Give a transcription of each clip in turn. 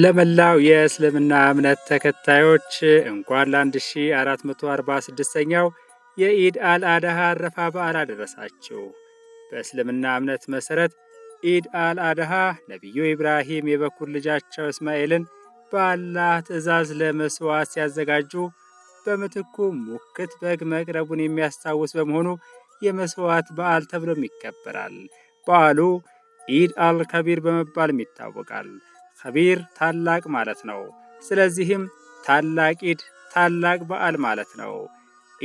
ለመላው የእስልምና እምነት ተከታዮች እንኳን ለ1446ኛው የኢድ አልአድሃ አረፋ በዓል አደረሳችሁ። በእስልምና እምነት መሰረት ኢድ አልአድሃ ነቢዩ ኢብራሂም የበኩር ልጃቸው እስማኤልን በአላህ ትእዛዝ ለመስዋዕት ሲያዘጋጁ በምትኩ ሙክት በግ መቅረቡን የሚያስታውስ በመሆኑ የመስዋዕት በዓል ተብሎም ይከበራል። በዓሉ ኢድ አልከቢር በመባልም ይታወቃል። ከቢር ታላቅ ማለት ነው። ስለዚህም ታላቅ ኢድ ታላቅ በዓል ማለት ነው።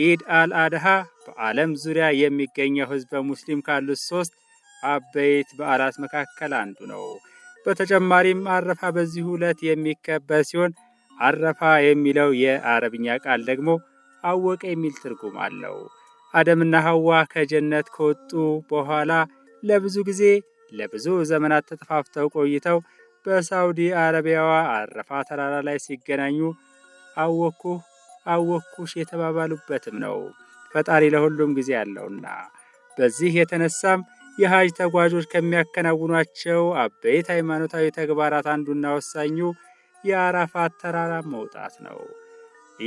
ኢድ አል አድሃ በዓለም ዙሪያ የሚገኘው ህዝበ ሙስሊም ካሉት ሶስት አበይት በዓላት መካከል አንዱ ነው። በተጨማሪም አረፋ በዚሁ ዕለት የሚከበር ሲሆን አረፋ የሚለው የአረብኛ ቃል ደግሞ አወቀ የሚል ትርጉም አለው። አደምና ሐዋ ከጀነት ከወጡ በኋላ ለብዙ ጊዜ ለብዙ ዘመናት ተጠፋፍተው ቆይተው በሳውዲ አረቢያዋ አረፋ ተራራ ላይ ሲገናኙ አወኩህ አወኩሽ የተባባሉበትም ነው። ፈጣሪ ለሁሉም ጊዜ አለውና በዚህ የተነሳም የሀጅ ተጓዦች ከሚያከናውኗቸው አበይት ሃይማኖታዊ ተግባራት አንዱና ወሳኙ የአረፋ ተራራ መውጣት ነው።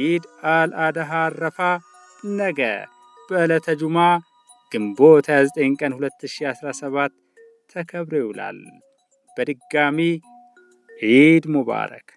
ኢድ አል አድሃ አረፋ ነገ በዕለተ ጁማ ግንቦት 29 ቀን 2017 ተከብሮ ይውላል። በድጋሚ ኢድ ሙባረክ